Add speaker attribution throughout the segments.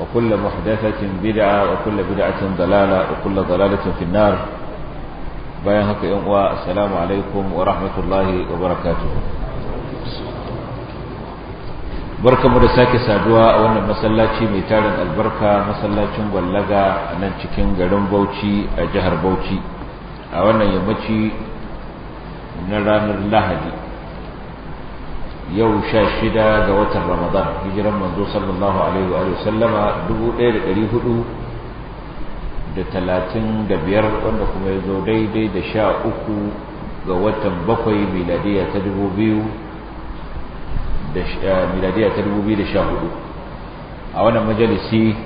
Speaker 1: وكل محدثة بدعة وكل بدعة ضلالة وكل ضلالة في النار بيان هكا يوم السلام عليكم ورحمة الله وبركاته barka mu da sake saduwa a wannan masallaci mai tarin albarka masallacin gwallaga a nan cikin garin bauchi a jihar bauchi a wannan yammaci na ranar lahadi yau sha shida ga watan ramadan hijiran manzo sallallahu alaihi wa sallama dubu ɗaya da ɗari hudu da talatin da biyar wanda kuma ya zo daidai da sha uku ga watan bakwai miladiya ta dubu biyu da eh, miladiya ta dubu biyu da sha hudu a wannan majalisi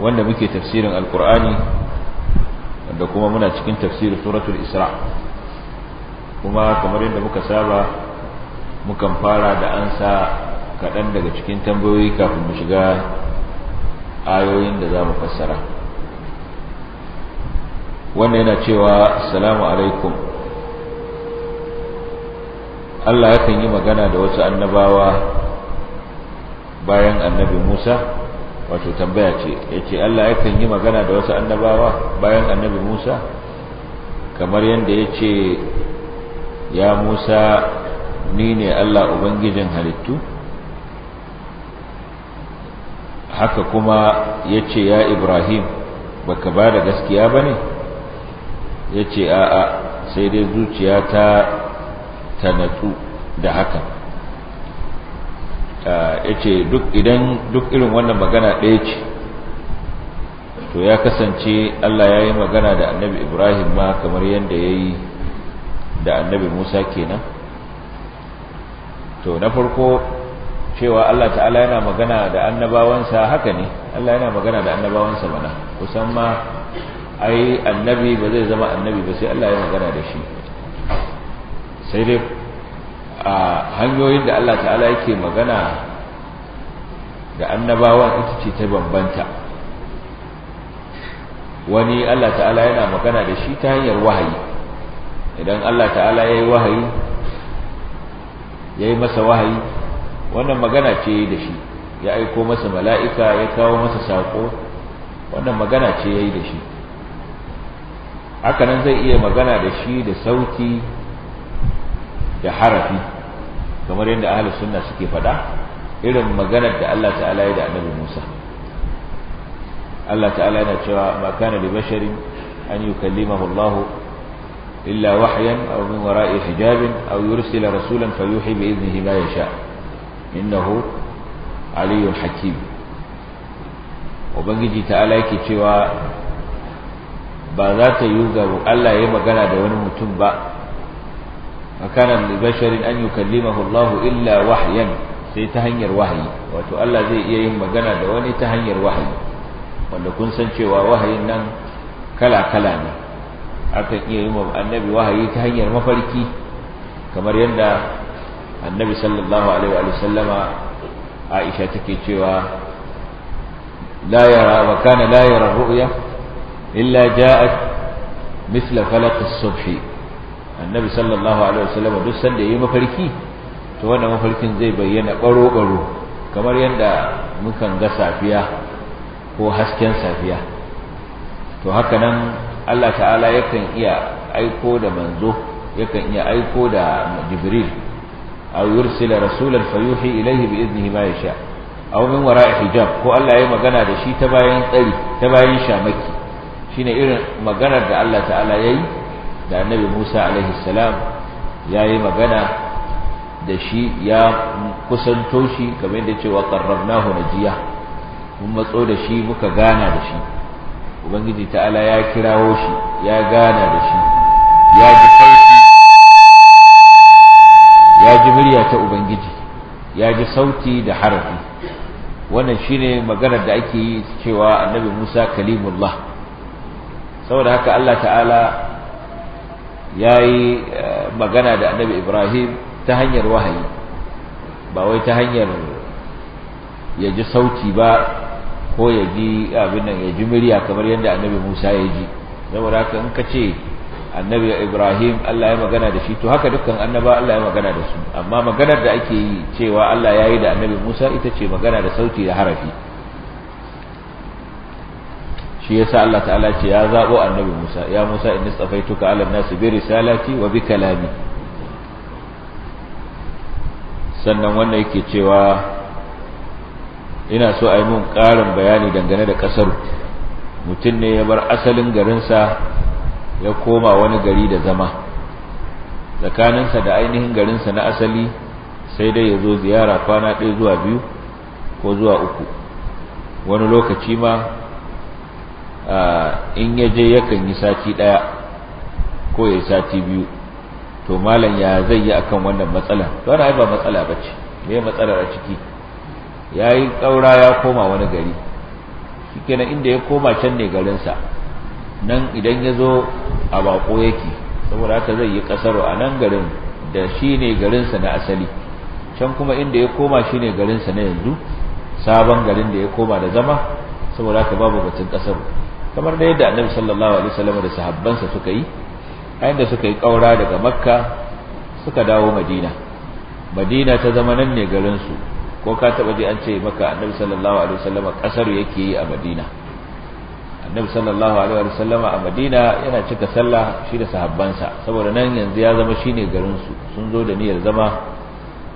Speaker 1: wanda muke tafsirin alkur'ani da kuma muna cikin tafsirin suratul isra kuma kamar yadda muka saba mukan fara da ansa kaɗan daga cikin tambayoyi kafin mu shiga ayoyin da za mu fassara wannan yana cewa assalamu alaikum Allah yakan yi magana da wasu annabawa bayan annabi Musa wato tambaya ce yace Allah yakan yi magana da wasu annabawa bayan annabi Musa kamar yadda yace ya Musa ni ne Allah ubangijin halittu haka kuma ya ce ya ibrahim baka ba da gaskiya ba ne ya ce a'a sai dai zuciya ta tanatsu da haka ah, ya ce duk idan duk irin wannan magana ɗaya ce to ya kasance Allah ya yi magana da annabi ibrahim ma kamar yadda ya yi da annabi musa kenan to na farko cewa Allah ta'ala yana magana da annabawansa haka ne Allah yana magana da annabawansa bana kusan ma ai annabi ba zai zama annabi ba sai Allah ya magana da shi sai dai a hanyoyin da Allah ta'ala yake magana da annabawan ita ce ta bambanta wani Allah ta'ala yana magana da shi ta hanyar wahayi idan Allah ta'ala ya yi wahayi ya yi masa wahayi wannan magana ce da shi ya aiko masa mala'ika ya kawo masa saƙo wannan magana ce ya yi da shi hakanan zai iya magana da shi da sauti da harafi kamar yadda ahal sunna suke faɗa irin maganar da Allah ta'ala ya da annabi Musa Allah ta'ala yana cewa ma kana li basharin an yukallimahu إلا وحيا أو hijabin وراء حجاب أو يرسل رسولا فيوحي بإذنه ما يشاء إنه علي حكيم وبنجي تعالى كتوى ba za ta yi ga Allah ya magana da wani mutum ba makanan da basharin an yi kallimahu Allah illa wahyan sai ta hanyar wahayi wato Allah zai iya yin magana da wani ta hanyar wahayi wanda kun san cewa wahayin nan kala-kala ne akan iya yi wa annabi wahayi ta hanyar mafarki kamar yadda annabi sallallahu alaihi wa sallama aisha take cewa la yara wa kana la yara ru'ya illa ja'at mithla falaq as-subh annabi sallallahu alaihi wa sallama duk sanda yayi mafarki to wannan mafarkin zai bayyana baro baro kamar yadda mukan ga safiya ko hasken safiya to haka nan Allah ta'ala yakan iya aiko da manzo yakan iya aiko da jibril aw yursila rasulan fayuhi ilayhi bi idnihi ma yasha aw min wara'i hijab ko Allah ya magana da shi ta bayan tsari ta bayan shamaki shine irin maganar da Allah ta'ala yayi da annabi Musa alaihi salam yayi magana da shi ya kusanto shi kamar yadda cewa qarrabnahu najiya mun matso da shi muka gana da shi ubangiji ta'ala ya kirawo shi ya gana da shi ya ji sauti ya ji murya ta ubangiji ya ji sauti da harafi wannan shine maganar da ake yi cewa annabi Musa kalimullah saboda haka Allah ta'ala ya yi eh, magana da annabi Ibrahim ta hanyar wahayi ba wai ta hanyar ya ji sauti ba ko ya ji abin nan ya ji murya kamar yadda annabi Musa ya ji saboda haka in ka ce annabi Ibrahim Allah ya magana da shi to haka dukkan annaba Allah ya magana da su amma maganar da ake yi cewa Allah ya yi da annabi Musa ita ce magana da sauti da harafi shi yasa Allah ta'ala ce ya zabo annabi Musa ya Musa inni safaituka ala nasi bi risalati wa bi kalami sannan wannan yake cewa ina so a yi mun ƙarin bayani dangane da ƙasar mutum ne ya bar asalin garinsa ya koma wani gari da zama tsakaninsa da ainihin garinsa na asali sai dai ya zo ziyara kwana ɗaya zuwa biyu ko zuwa uku wani lokaci ma in ya je yakan yi sati ɗaya ko ya yi sati biyu to malam ya zai yi akan wannan matsala ana ba matsala ba ce me matsalar a ciki ya yi tsaura ya koma wani gari shikenan inda ya koma can ne garinsa nan idan ya zo a bako yake saboda haka zai yi kasaro a nan garin da shi ne garinsa na asali can kuma inda ya koma shi ne garinsa na yanzu sabon garin da ya koma da zama saboda haka babu batun kasaro kamar da yadda annabi sallallahu alaihi wasallam da sahabbansa suka yi a inda suka yi kaura daga makka suka dawo madina madina ta zama nan ne garinsu ko ka taba ji an ce maka annabi sallallahu alaihi wasallama kasar yake yi a madina annabi sallallahu alaihi wasallama a madina yana cika sallah shi da sahabbansa saboda nan yanzu ya zama shine garin su sun zo da niyyar zama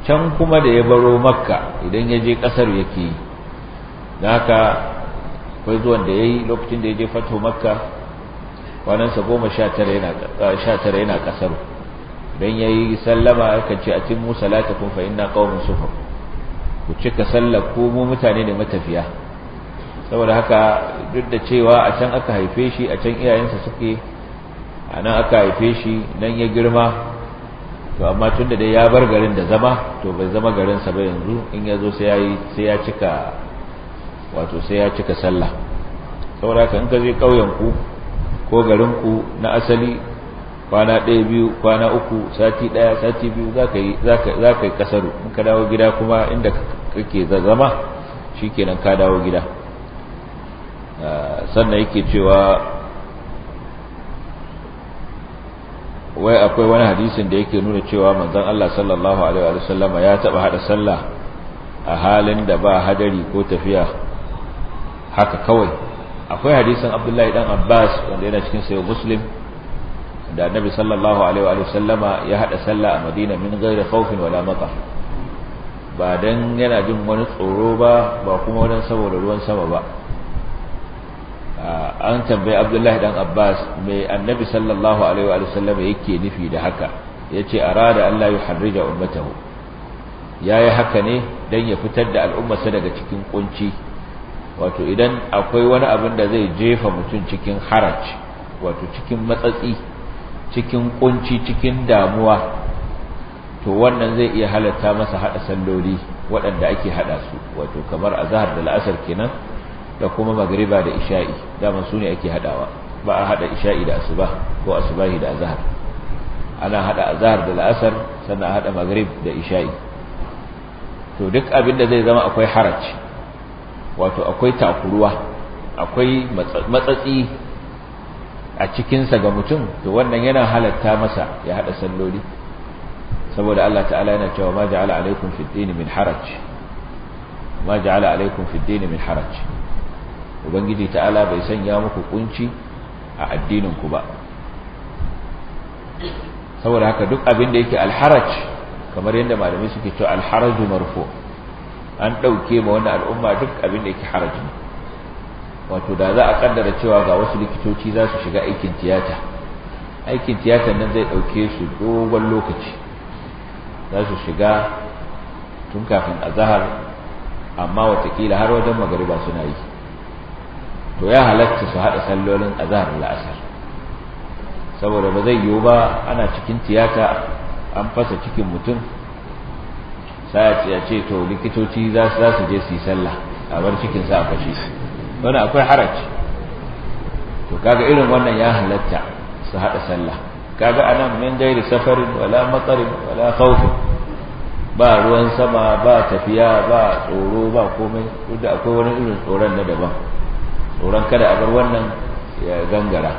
Speaker 1: can kuma da ya baro makka idan ya je kasar yake yi da haka akwai zuwan da ya yi lokacin da ya je fato makka kwanansa goma sha tara yana kasar don ya yi sallama aka ce a cin musa latakun fa ina kawon sufa ku cika sallar ko mu mutane ne matafiya saboda haka duk da cewa a can aka haife shi a can iyayensa suke a nan aka haife shi nan ya girma to amma tunda dai ya bar garin da zama to bai zama garinsa ba yanzu in ya zo sai ya cika wato sai ya cika sallah saboda haka in ka je ƙauyenku ko garin ku na asali kwana ɗaya biyu kwana uku sati ɗaya sati biyu za ka yi ƙasaru in ka dawo gida kuma inda kake zama shi kenan ka dawo gida ah, sannan yake cewa wai akwai wani hadisin da yake nuna cewa manzan Allah sallallahu alaihi wa ya taɓa haɗa sallah a halin da ba hadari ko tafiya haka kawai akwai hadisin Abdullahi dan Abbas wanda yana cikin sayo Muslim da annabi sallallahu alaihi wa sallama ya hada sallah a madina min ghairi khawfin wala matar ba dan yana jin wani tsoro ba ba kuma wani saboda ruwan sama ba an tambayi abdullahi dan abbas mai annabi sallallahu alaihi wa sallama yake nufi da haka yace arada an la yuharrija ummatahu yayi haka ne dan ya fitar da al'ummarsa daga cikin kunci wato idan akwai wani abin da zai jefa mutum cikin haraj wato cikin matsatsi cikin kunci cikin damuwa to wannan zai iya halatta masa hada salloli waɗanda ake hada su wato kamar azhar da la'asar kenan da kuma magriba da isha'i dama su ne ake hadawa ba a hada isha'i da asuba ko asubahi da azhar ana hada azhar da la'asar sannan a hada magrib da isha'i to duk abin da zai zama akwai haraj wato akwai takuruwa akwai matsatsi a cikinsa ga mutum to wannan yana halatta masa ya haɗa salloli saboda Allah ta'ala yana cewa ma ja'ala alaikum fid dini min haraj ma ja'ala alaikum fid dini min haraj ubangiji ta'ala bai sanya muku kunci a addinin ku ba saboda haka duk abin da yake alharaj kamar yadda malamai suke cewa alharaju marfu an dauke ma wannan al'umma duk abin da yake haraji wato da za a kaddara cewa ga wasu likitoci za su shiga aikin tiyata aikin tiyata nan zai dauke su dogon lokaci za su shiga tun kafin azahar amma watakila har wajen magariba suna yi to ya halatta su haɗa sallolin azahar la'asar saboda ba zai yiwu ba ana cikin tiyata an fasa cikin mutum sai ya ce to likitoci za su je su yi sallah a bar cikinsa a fashe su. wannan akwai haraj to kaga irin wannan ya halatta su hada sallah kaga anan min gairi safarin wala matsarin wala khawfin ba ruwan sama ba tafiya ba tsoro ba komai duk da akwai wani irin tsoron na daban tsoron kada a bar wannan ya gangara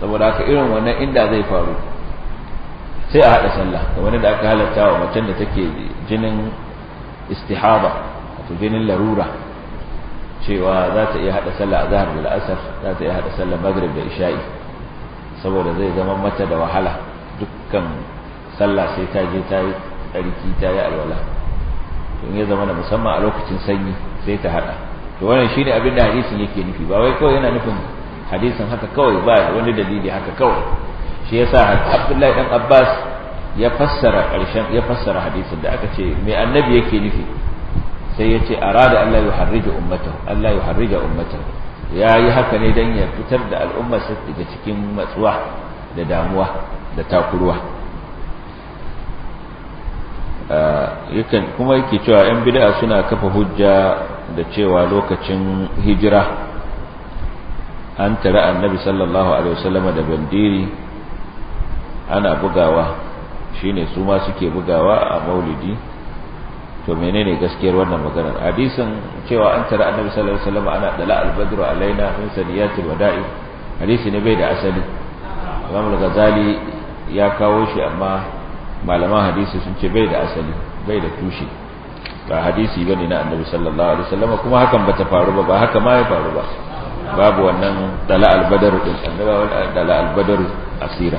Speaker 1: saboda haka irin wannan inda zai faru sai a haɗa sallah ga wani da aka halatta wa macen da take jinin istihaba wato jinin larura cewa za ta iya hada sallah zahar da la'asar za ta iya hada sallah magrib da isha'i saboda zai zama mata da wahala dukkan sallah sai ta je ta yi tsarki ta yi alwala in ya zama da musamman a lokacin sanyi sai ta hada to wannan shine abin da hadisin yake nufi ba wai kawai yana nufin hadisin haka kawai ba wani dalili haka kawai shi yasa Abdullahi dan Abbas ya fassara ƙarshen ya fassara hadisin da aka ce me annabi yake nufi sai ya ce a rada Allah ya harrija ummatar Allah ya harrija ummatar ya yi haka ne don ya fitar da al'ummarsa daga cikin matsuwa da damuwa da takurwa kuma yake cewa 'yan bid'a suna kafa hujja da cewa lokacin hijira an tara annabi sallallahu alaihi wasallama da bandiri ana bugawa shine su ma suke bugawa a maulidi to menene gaskiyar wannan maganar hadisin cewa an tara annabi sallallahu alaihi wasallam ana dala albadru alaina min sadiyatil wada'i hadisi ne bai da asali Imam al-Ghazali ya kawo shi amma malaman hadisi sun ce bai da asali bai da tushe ba hadisi bane na annabi sallallahu alaihi wasallam kuma hakan bata faru ba ba haka ma ya faru ba babu wannan dala albadru din annabi dala albadru asira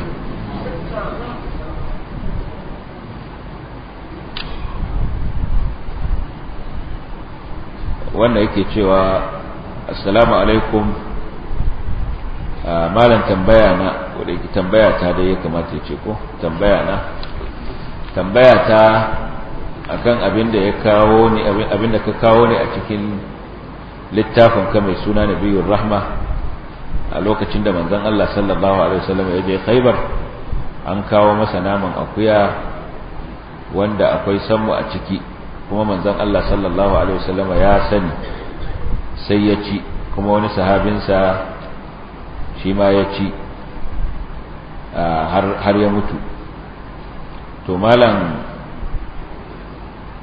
Speaker 1: wanda yake cewa assalamu alaikum malam tambaya na wadda yake tambaya ta dai ya kamata ya ce ko tambaya na tambaya ta akan abin da ya kawo ni abin da ka kawo ni a cikin littafin ka mai suna nabiyur rahma a lokacin da manzon Allah sallallahu alaihi wasallam ya je Khaibar an kawo masa naman akuya wanda akwai sammu a ciki kuma manzon Allah sallallahu alaihi wasallam ya sani sai ya ci kuma wani sahabinsa shi ma ya ci har ya mutu to malam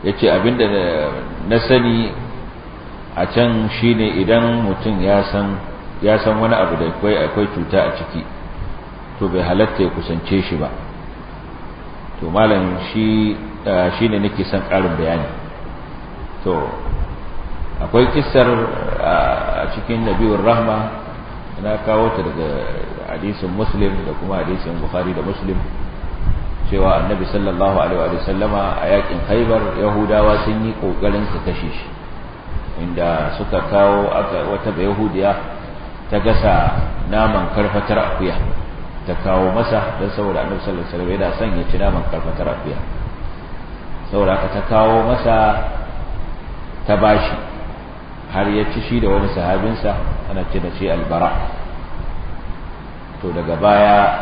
Speaker 1: ya ce abinda na sani a can shine idan mutum ya san wani abu da akwai cuta a ciki to bai halatta ya kusance shi ba to malam shi Eh, shine nake son ƙarin bayani to akwai kissar eh, a cikin nabiwar rahma na kawo ta daga hadisin muslim da kuma hadisin bukhari da muslim cewa annabi sallallahu alaihi wa sallama a yakin haibar yahudawa sun yi kokarin su kashe shi inda suka kawo wata yahudiya ta gasa naman karfatar akuya ta kawo masa don saboda annabi sallallahu alaihi wa yana son ya ci naman karfatar akuya saboda ka ta kawo masa ta bashi har ya ci shi da wani sahabinsa ana ce da ce albara to daga baya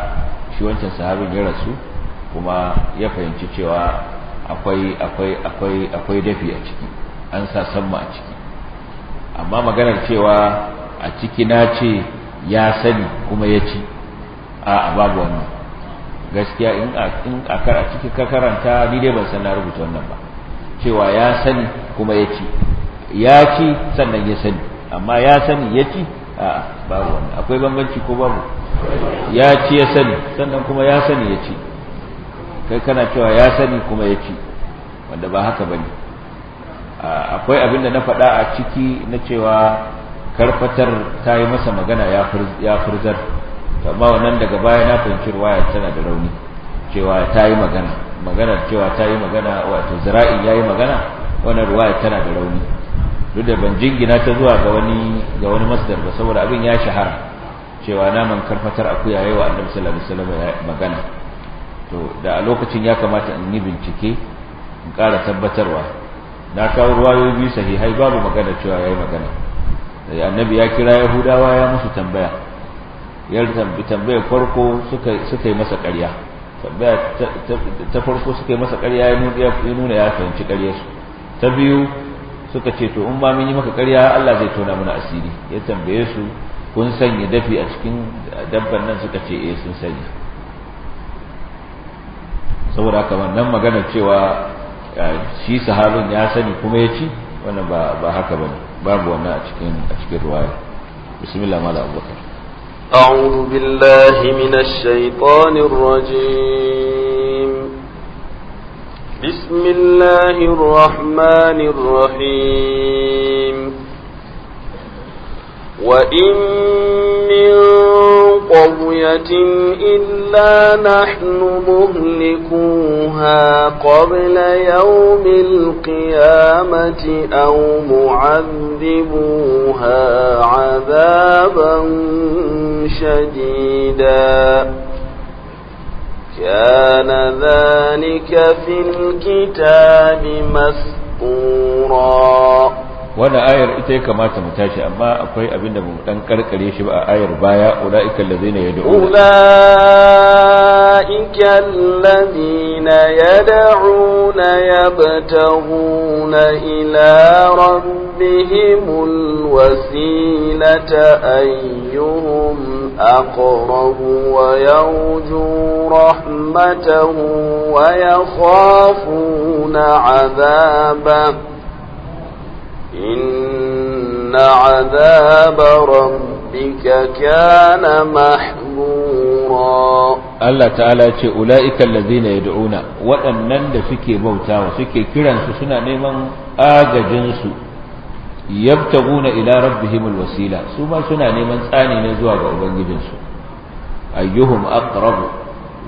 Speaker 1: shi wancan sahabin ya rasu kuma ya fahimci cewa akwai akwai akwai akwai dafi a ciki an sa samma a ciki amma maganar cewa a ciki na ce ya sani kuma ya ci a babu wannan gaskiya in a ciki ka karanta ni dai ban san na rubuta wannan ba cewa ya sani kuma ya ci ya ci sannan ya sani amma ya sani ya ci a babu wani akwai bambanci ko babu ya ci ya sani sannan kuma ya sani ya ci kai kana cewa ya sani kuma ya ci wanda ba haka ba ne akwai abin da na faɗa a ciki na cewa karfatar ta yi masa magana ya furzar amma wannan daga baya na fahimci ruwaya tana da rauni cewa ta yi magana magana cewa ta yi magana wato zira'i ya yi magana wannan ruwaya tana da rauni duk da ban jingina ta zuwa ga wani ga wani masdar ba saboda abin ya shahara cewa naman karfatar akuya yi wa annabi sallallahu alaihi wasallam magana to da a lokacin ya kamata in yi bincike in ƙara tabbatarwa na kawo ruwayoyi biyu sahihai babu magana cewa yi magana eh, annabi ya kira yahudawa ya musu tambaya ya tambayar farko suka yi masa karya tambaya ta farko suka yi masa ƙarya ya nuna ya fahimci su ta biyu suka ce to in ba mun yi maka ƙarya Allah zai tona mana asiri ya tambaye su kun sanya dafi a cikin dabban nan suka ce eh sun sanya saboda haka wannan magana cewa shi sahabin ya sani kuma ya ci wannan ba haka bane babu wannan a cikin a cikin ruwaya bismillah mala abubakar
Speaker 2: أعوذ بالله من الشيطان الرجيم بسم الله الرحمن الرحيم وإن من قرية إلا نحن مهلكوها قبل يوم القيامة أو معذبوها عذابا شديدا كان ذلك في الكتاب مسطورا
Speaker 1: wannan ayar ita ya kamata mu tashi amma akwai abin da mu dan karkare shi ba a ayar baya ulaika allazina yad'una ulaika allazina yad'una
Speaker 2: yabtaguna ila rabbihimul wasilata ayyuhum aqrabu wa yarju rahmatahu wa yakhafuna 'adabahu إن عذاب ربك كان محذورا
Speaker 1: الله تعالى ce ulaika allazina yad'una waɗannan da suke bautawa suke kiransu suna neman agajin su yabtaguna ila rabbihimul wasila su ba suna neman tsani ne zuwa ga ubangijinsu ayyuhum aqrabu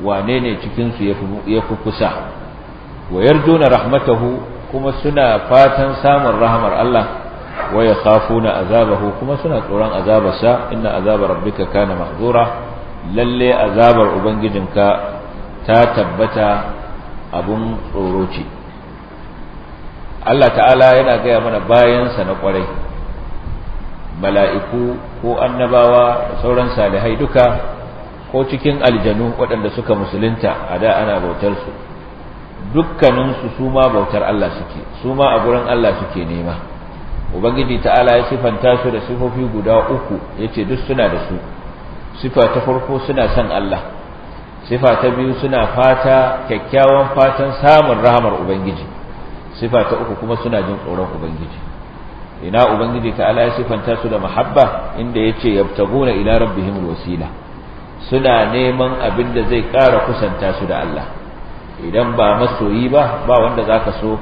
Speaker 1: wane ne cikin su yafi kusa wa yarjuna rahmatahu kuma suna fatan samun rahamar Allah wa azaba azabahu kuma suna tsoron azabarsa inna azabar rabbika kana mahzura lalle azabar ubangijinka ta tabbata abun tsoro Allah ta'ala yana gaya mana bayansa na kwarai mala'iku ko annabawa da sauran salihai duka ko cikin aljanu waɗanda suka musulunta a da ana bautar su dukkaninsu su ma bautar Allah suke su ma a gurin Allah suke nema ubangiji ta'ala ya sifanta su da sifofi guda uku yace duk suna da su sifa ta farko suna son Allah sifa ta biyu suna fata kyakkyawan fatan samun rahamar ubangiji sifa ta uku kuma suna jin tsoron ubangiji ina ubangiji ta'ala ya sifanta su da mahabba inda yace yabtaguna ila rabbihim wasila suna neman abin da zai ƙara kusanta su da Allah idan ba masoyi ba ba wanda zaka so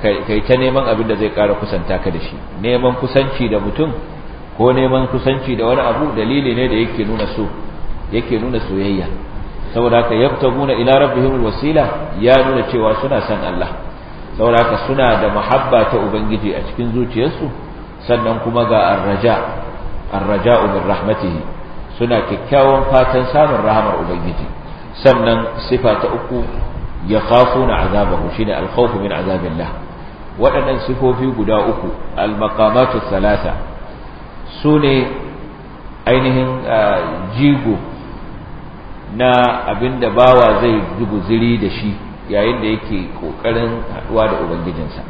Speaker 1: kai ta neman abin da zai ƙara kusanta ka da shi neman kusanci da mutum ko neman kusanci da wani abu dalili ne da yake nuna so yake nuna soyayya saboda ka yabtaguna ila rabbihimul wasila ya nuna cewa suna san Allah saboda ka suna da muhabba ta ubangiji a cikin zuciyarsu sannan kuma ga arraja arraja'u min rahmatihi suna kikkiawan fatan samun rahamar ubangiji sannan sifa ta uku yakhafuna azabahu shine al-khawf min azabillah waɗannan sifofi guda uku al salasa su sune ainihin jigo na abinda bawa zai duguziri da shi yayin da yake kokarin haduwa da ubangijinsa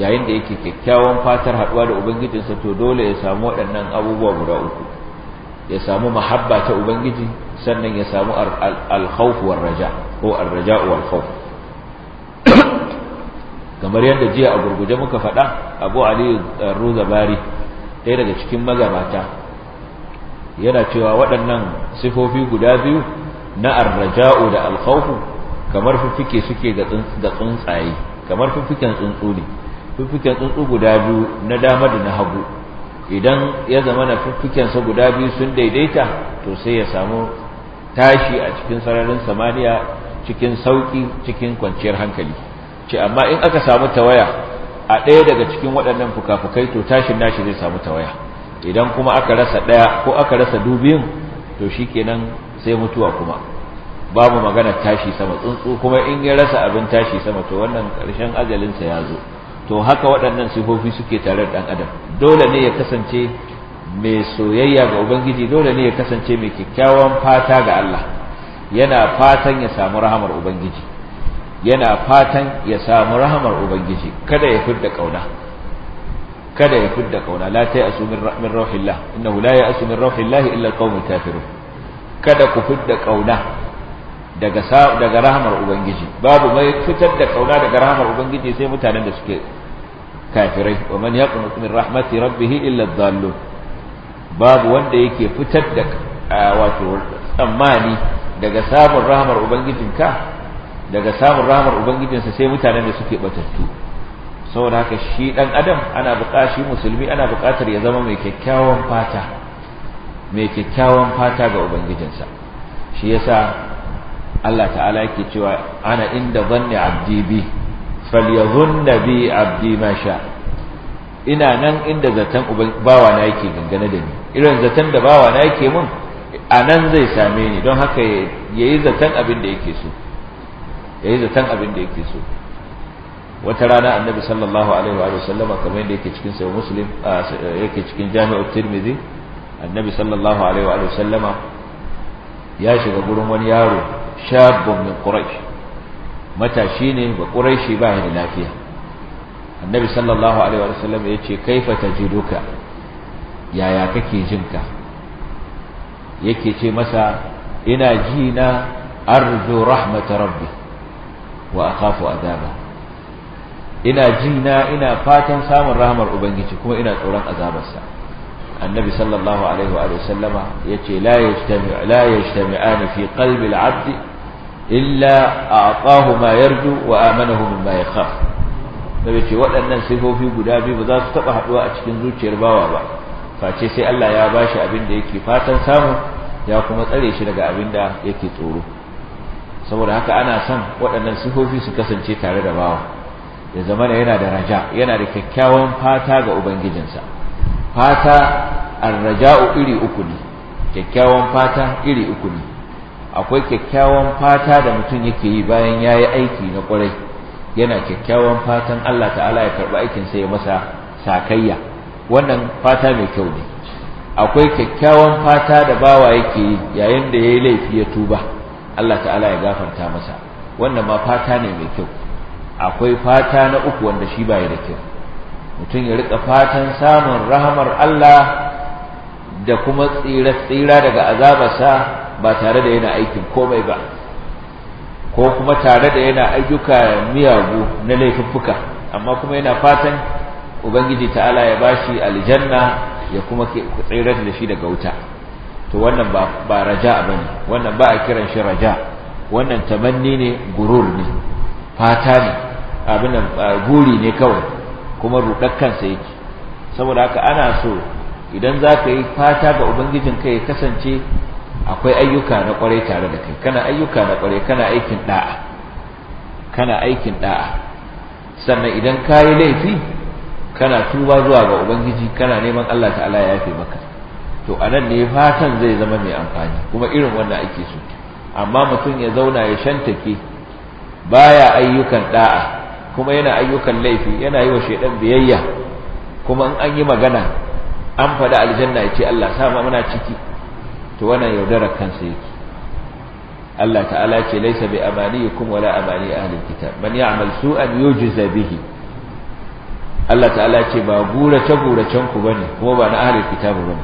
Speaker 1: yayin da yake kyakkyawan fatar haduwa da ubangijinsa to dole ya samu waɗannan abubuwa guda uku ya samu mahabba ta ubangiji sannan ya samu al war raja' ko arraja'u wal khawf kamar yadda jiya a gurguje muka faɗa Abu Ali Ruzabari ɗaya daga cikin magabata yana cewa waɗannan sifofi guda biyu na arraja'u rajau da al-khawf kamar fifike suke ga tsuntsaye kamar fifiken tsuntsu ne fifiken tsuntsu guda biyu na dama da na hagu idan ya zama na fiffikensa guda biyu sun daidaita to sai ya samu tashi a cikin sararin samaniya cikin sauki cikin kwanciyar hankali ce amma in aka samu tawaya a ɗaya daga cikin waɗannan fukafukai to tashin nashi zai samu tawaya idan kuma aka rasa ɗaya ko aka rasa dubin to shi shikenan sai mutuwa kuma babu magana tashi sama tsuntsu kuma in ya rasa abin tashi sama to wannan ƙarshen ajalinsa ya zo to haka waɗannan sifofi suke tare da ɗan adam dole ne ya kasance mai soyayya ga ubangiji dole ne ya kasance mai kyakkyawan fata ga Allah yana fatan ya samu rahamar ubangiji yana fatan ya samu rahamar ubangiji kada ya fidda kauna kada ya fidda kauna la ta yasu min rauhillah innahu la yasu min rauhillah illa alqawmul kafirun kada ku fidda kauna daga daga rahamar ubangiji babu mai fitar da kauna daga rahamar ubangiji sai mutanen da suke kafirai wa man yaqnut min rahmati rabbih illa adh babu wanda yake fitar da wato tsammani daga samun rahmar ubangijinka daga samun rahmar ubangijinsa sai mutanen da suke batattu saboda haka shi dan adam ana buƙaci musulmi ana buƙatar ya zama mai kyakkyawan fata mai kyakkyawan fata ga ubangijinsa shi yasa Allah ta'ala yake cewa ana inda zanni abdi bi falyadhunna bi abdi ma sha ina nan inda zatan bawa na yake gangane da ni irin zatan da bawa na yake mun a nan zai same ni don haka ya yi zaton abin da yake so ya yi zaton abin da yake so wata rana annabi sallallahu alaihi wa sallama kamar yadda yake cikin sai muslim yake cikin jami'ar tirmidhi annabi sallallahu alaihi wa sallama ya shiga gurin wani yaro shabun min quraish matashi ne ba quraishi ba da lafiya annabi sallallahu alaihi wa sallam ya ce kaifa tajiduka yaya kake jinka yake ce masa ina ji na arju rahmata rabbi wa akhafu azaba ina ji na ina fatan samun rahmar ubangiji kuma ina tsoron azabarsa annabi sallallahu alaihi wa sallama yace la yajtami' la yajtami'an fi qalbi al-'abd illa a'tahu ma yarju wa amanahu mimma yakhaf nabi ce waɗannan sifofi guda biyu ba za su taɓa haɗuwa a cikin zuciyar bawa ba face sai Allah ya bashi abin da yake fatan samu ya kuma tsare shi daga abin da yake tsoro saboda haka ana son waɗannan sifofi su kasance tare da bawa ya zama yana da raja yana da kyakkyawan fata ga ubangijinsa fata arraja'u iri uku ne kyakkyawan fata iri uku ne akwai kyakkyawan fata da mutum yake yi bayan ya yi aiki na ƙwarai yana kyakkyawan fatan Allah ta'ala ya karɓi aikinsa ya masa sakayya wannan fata mai kyau ne akwai kyakkyawan fata da bawa yake yi yayin da yayi laifi ya tuba Allah ta'ala ya gafarta masa wannan ma fata ne mai kyau akwai fata na uku wanda shi baya da kyau mutum ya rika fatan samun rahamar Allah da kuma tsira daga azabarsa ba tare da yana aikin komai ba ko kuma tare da yana ayyuka miyagu na laifuffuka amma kuma yana fatan ubangiji ta'ala ya bashi aljanna ya kuma tsirar da shi daga wuta to wannan ba ba raja bane wannan ba a kiran shi raja wannan tamanni ne gurur ne fata ne abin guri ne kawai kuma rudakkan sa yake saboda haka ana so idan za ka yi fata ga ubangijin kai ya kasance akwai ayyuka na kwarai tare da kai kana ayyuka na kwarai kana aikin da'a kana aikin da'a sannan idan ka yi laifi kana tuba zuwa ga ubangiji kana neman Allah ta'ala ya yafe maka to anan ne fatan zai zama mai amfani kuma irin wannan ake so amma mutum ya zauna ya shantake baya ayyukan da'a kuma yana ayyukan laifi yana yi wa shedan biyayya kuma in an yi magana an faɗi aljanna ya ce Allah ma muna ciki to wannan yaudarar kansa yake Allah ta'ala ce laisa bi amaniyikum wala amani ahli kitab man ya'mal su'an yujza bihi Allah ta'ala ce ba gurace guracen ku ne kuma ba na ahlul kitabu bane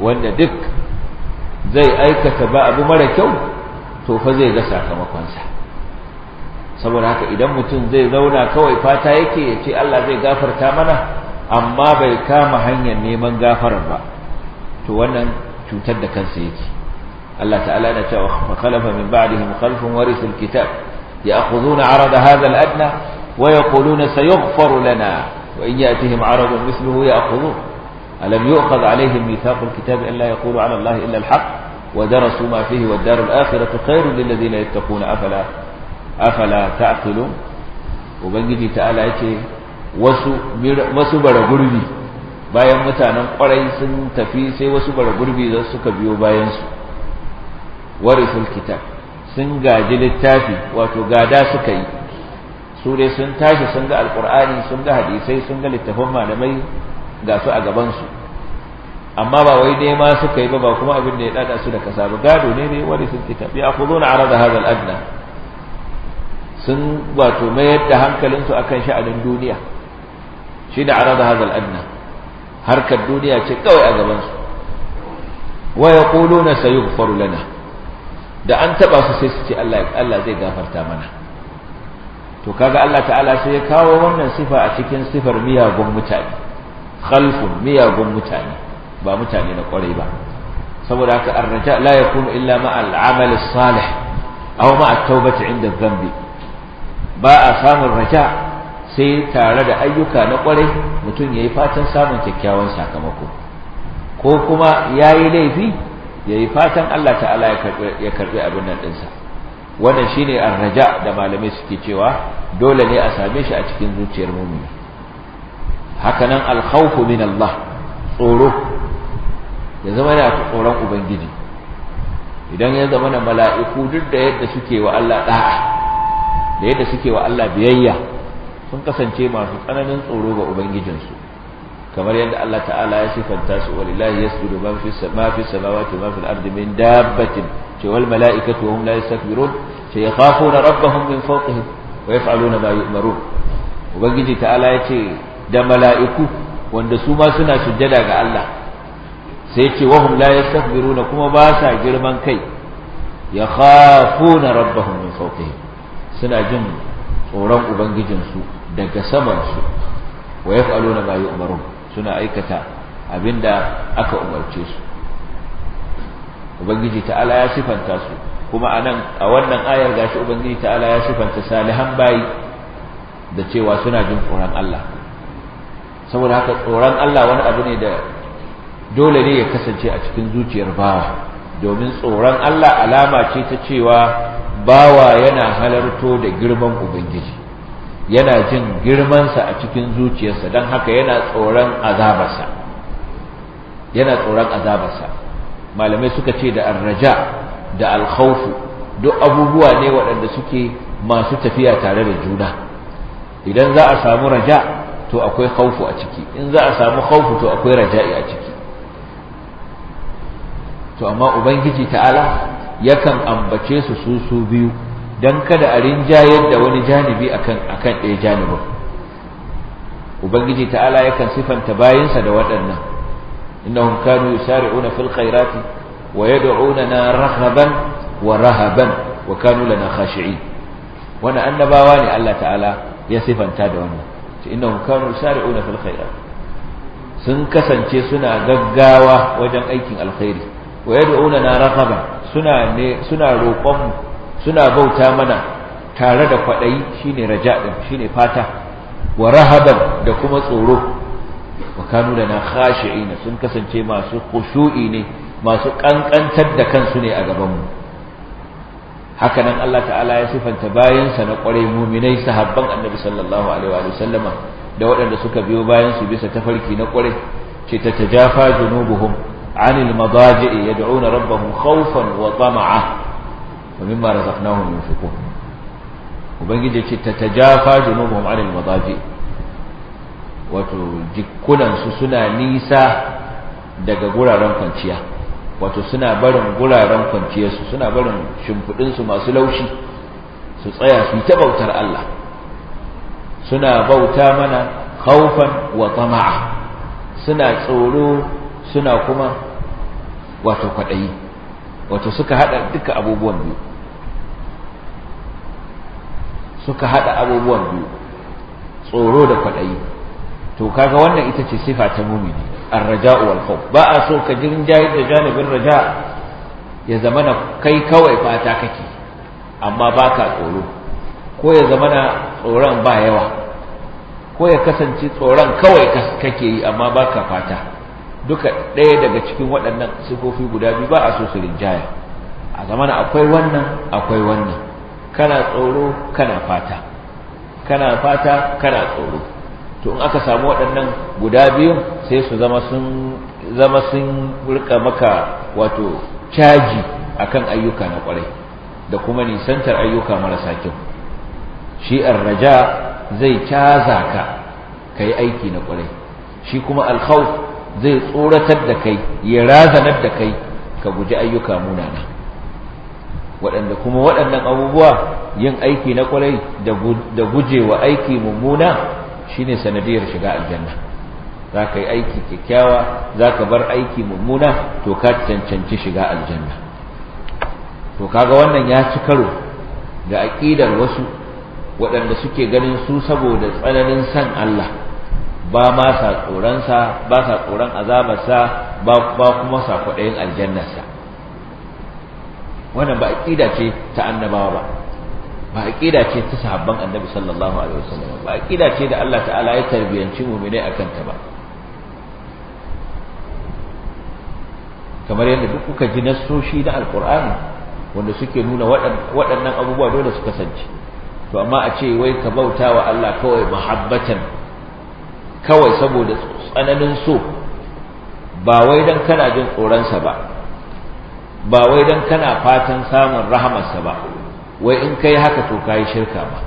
Speaker 1: wanda duk zai aikata ba abu mara kyau to fa zai ga sakamakonsa saboda haka idan mutum zai zauna kawai fata yake ya ce Allah zai gafarta mana amma bai kama hanyar neman gafarar ba to wannan cutar da kansa yake Allah ta'ala na cewa fa khalafa min ba'dihim khalfun warithul kitab ya'khudhuna 'arada hadha al-adna ويقولون سيغفر لنا وإن يأتهم عرض مثله يأخذوه
Speaker 3: ألم يؤخذ عليهم ميثاق الكتاب ألا يقولوا على الله إلا الحق ودرسوا ما فيه والدار الآخرة خير للذين يتقون
Speaker 1: أفلا أفلا تعقلون وبنجي تعالى يتي wasu bara gurbi bayan mutanen kwarai sun tafi sai wasu bara gurbi da suka biyo bayansu warisul kitab sun gaji littafi wato gada suka yi su dai sun tashi sun ga alkur'ani sun ga hadisai sun ga littafin malamai ga su a gabansu amma ba wai dai ma suka yi ba ba kuma abin da ya dada su da kasa ba gado ne ne wani sun kitab ku zo na arada hadha al-adna sun wato mayar da hankalinsu akan sha'anin duniya shi da arada hadha al-adna harkar duniya ce kawai a gabansu wa yaquluna sayughfaru lana da an taba su sai su ce Allah zai gafarta mana to kaga Allah ta'ala sai ya kawo wannan sifa a cikin sifar miyagun mutane khalfun miyagun mutane ba mutane na kwarai ba saboda haka arraja la yakunu illa ma al-amal salih aw ma at-taubati inda dhanbi ba a samun raja sai tare da ayyuka na kwarai mutum yayi fatan samun kyakkyawan sakamako ko kuma yayi laifi yayi fatan Allah ta'ala ya karbi abin nan dinsa wannan shine arraja da malamai suke cewa dole ne a same shi a cikin zuciyar mumini hakanan alkhawfu min Allah tsoro ya zama a tsoron ubangiji idan ya zama na mala'iku duk da yadda suke wa Allah da'a da yadda suke wa Allah biyayya sun kasance masu tsananin tsoro ga ubangijinsu kamar yadda Allah ta'ala ya sifanta su walillahi yasjudu man ma fi samawati ma fil ardi min dabbatin wal mala'ikatu hum la yastakbirun sayakhafuna ya min fawqihim wa yaf'aluna ma yu'marun umaru ubangiji ta'ala ya ce da mala'iku wanda su ma suna sujjada ga Allah sai ce wahum la yastakbiruna kuma ba sa girman kai ya khafo na min fawqihim suna jin tsoron ubangijinsu daga samansu wa yaf'aluna ma yu'marun umaru suna aikata abinda aka umarce su ubangiji ta'ala ya sifanta su kuma a nan, a wannan ayar gashi ubangiji Ala ya sifanta salihan bayi da cewa suna jin tsoron Allah saboda haka tsoron Allah wani abu ne da dole ne ya kasance a cikin zuciyar bawa domin tsoron Allah alama ce ta cewa bawa yana halarto da girman ubangiji yana jin girmansa a cikin zuciyarsa don haka yana tsoron azabarsa yana tsoron azabarsa malamai suka ce da arraja da alkhawfu duk abubuwa ne waɗanda suke masu tafiya tare da juna idan za a samu raja to akwai khawfu a ciki in za a samu khawfu to akwai raja'i a ciki to amma ubangiji ta'ala yakan ambace su su su biyu dan kada a rinjayar da wani janibi akan akan ɗaya janibin ubangiji ta'ala yakan sifanta bayinsa da waɗannan innahum kanu yusari'una fil khairati wa yad'unana raghaban wa rahaban wa kanu lana khashi'in wannan annabawa ne Allah ta'ala ya sifanta da wannan Inna innahum kanu sari'una fil khairat sun kasance suna gaggawa wajen aikin alkhairi wa yad'unana raghaban suna ne suna roƙon suna bauta mana tare da kwaɗayi shine raja din shine fata wa rahaban da kuma tsoro wa kanu lana khashi'ina sun kasance masu khushu'i ne masu ƙanƙantar da kansu ne a gabanmu hakanan Allah ta'ala ya sifanta bayansa na ƙwarai muminai sahabban annabi sallallahu alaihi wa sallama da waɗanda suka biyo bayan su bisa tafarki na ƙwarai ce ta tajafa junubuhum anil madaji'i yad'una rabbahum khawfan wa tama'a wa mimma razaqnahum yunfiqun ubangiji ce ta tajafa junubuhum anil madaji'i wato jikunan su suna nisa daga guraren kwanciya wato suna barin guraren kwanciyarsu suna barin shimfiɗinsu masu laushi su tsaya su ta bautar Allah suna bauta mana khaufan wa tama'a suna tsoro suna kuma wato kwaɗayi wato suka haɗa duka abubuwan biyu suka haɗa abubuwan biyu tsoro da kwaɗayi to kaga wannan ita ce sifa ta mumini ar-raja'u wal khawf ba a so ka jirin jahil da janibin raja ya zamana kai kawai fata kake amma baka tsoro ko ya zamana tsoron ba yawa ko ya kasance tsoron kawai kake yi amma baka fata duka ɗaya daga cikin waɗannan sifofi guda biyu ba a so su rinjaya a zamana akwai wannan akwai wannan kana tsoro kana fata kana fata kana tsoro to in aka samu waɗannan guda biyu sai su zama sun zama rika maka wato caji a kan ayyuka na kwarai da kuma nisantar ayyuka marasa kyau shi arraja zai caza ka kai aiki na kwarai shi kuma alkhawf zai tsoratar da kai ya razanar da kai ka guji ayyuka munana waɗanda kuma waɗannan abubuwa yin aiki na kwarai da gujewa aiki mummuna shine sanadiyar shiga aljanna za ka yi aiki kyakkyawa za ka bar aiki mummuna to ka cancanci shiga aljanna to kaga wannan ya ci karo da aƙidar wasu waɗanda suke ganin su saboda tsananin san Allah ba ma sa tsoronsa ba sa tsoron azabarsa ba kuma sa kwaɗayin aljannarsa wannan ba aƙida ce ta annabawa ba ba aqida ce ta sahabban annabi sallallahu alaihi wasallam ba aqida ce da Allah ta'ala ya tarbiyanci mu'minai akan ta ba kamar yadda duk kuka ji nasoshi na alqur'ani wanda suke nuna waɗannan abubuwa dole su kasance to amma a ce wai ka bauta wa Allah kawai muhabbatan kawai saboda tsananin so ba wai dan kana jin tsoron sa ba ba wai dan kana fatan samun sa ba wai in kai haka to kai shirka ba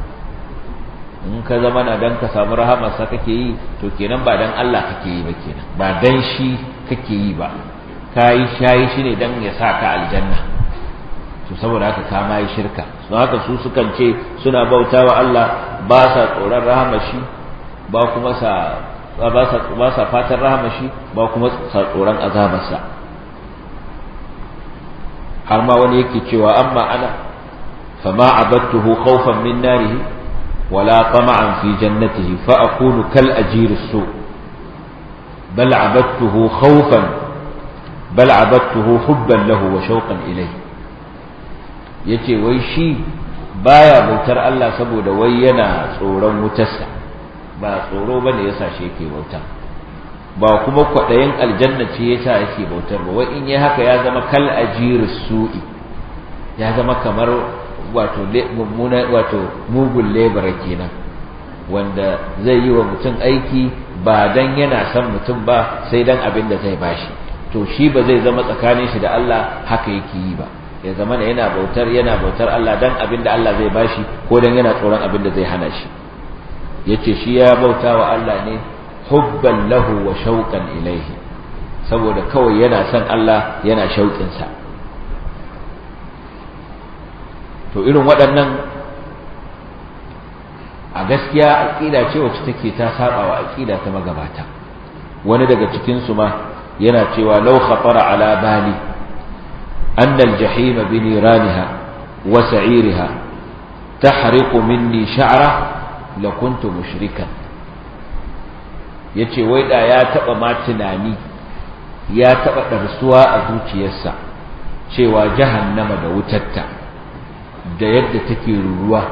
Speaker 1: in ka zama na dan ka samu rahama sa kake yi to kenan ba dan Allah kake yi ba kenan ba dan shi kake yi ba kai shayi shi ne dan ya sa ka aljanna to saboda haka ka ma yi shirka su haka su sukan ce suna bautawa Allah ba sa tsoron rahama shi ba kuma sa ba sa fatan rahama shi ba kuma sa tsoron azabarsa har ma wani yake cewa amma ana فما عبدته خوفا من ناره ولا طمعا في جنته فأكون كالأجير السوء بل عبدته خوفا بل عبدته حبا له وشوقا إليه yace wai shi baya bautar Allah saboda wai yana tsoron wutarsa ba tsoro bane yasa shi yake bauta ba kuma kwaɗayin aljanna ce yasa yake bautar ba wai in yi haka ya zama kal ajirus su'i ya zama kamar wato mummuna wato mugun lebara kenan wanda zai yi wa mutum aiki ba dan yana son mutum ba sai dan abin da zai bashi to shi ba zai zama tsakanin shi da Allah haka yake yi ba ya zama yana bautar yana bautar Allah dan abin da Allah zai bashi ko dan yana tsoron abin da zai hana shi yace shi ya bauta wa Allah ne hubban lahu wa shauqan ilaihi saboda kawai yana son Allah yana shauƙinsa. sa to irin waɗannan a gaskiya aƙida ce wacce take ta saba wa aƙida ta magabata wani daga cikinsu ma yana cewa lau khatara ala bali anna al-jahima bi niraniha wa sa'iriha tahriqu minni sha'ra la kuntu mushrikan yace wai da ya taba ma tunani ya taba darsuwa a zuciyarsa cewa jahannama da wutarta da yadda take ruruwa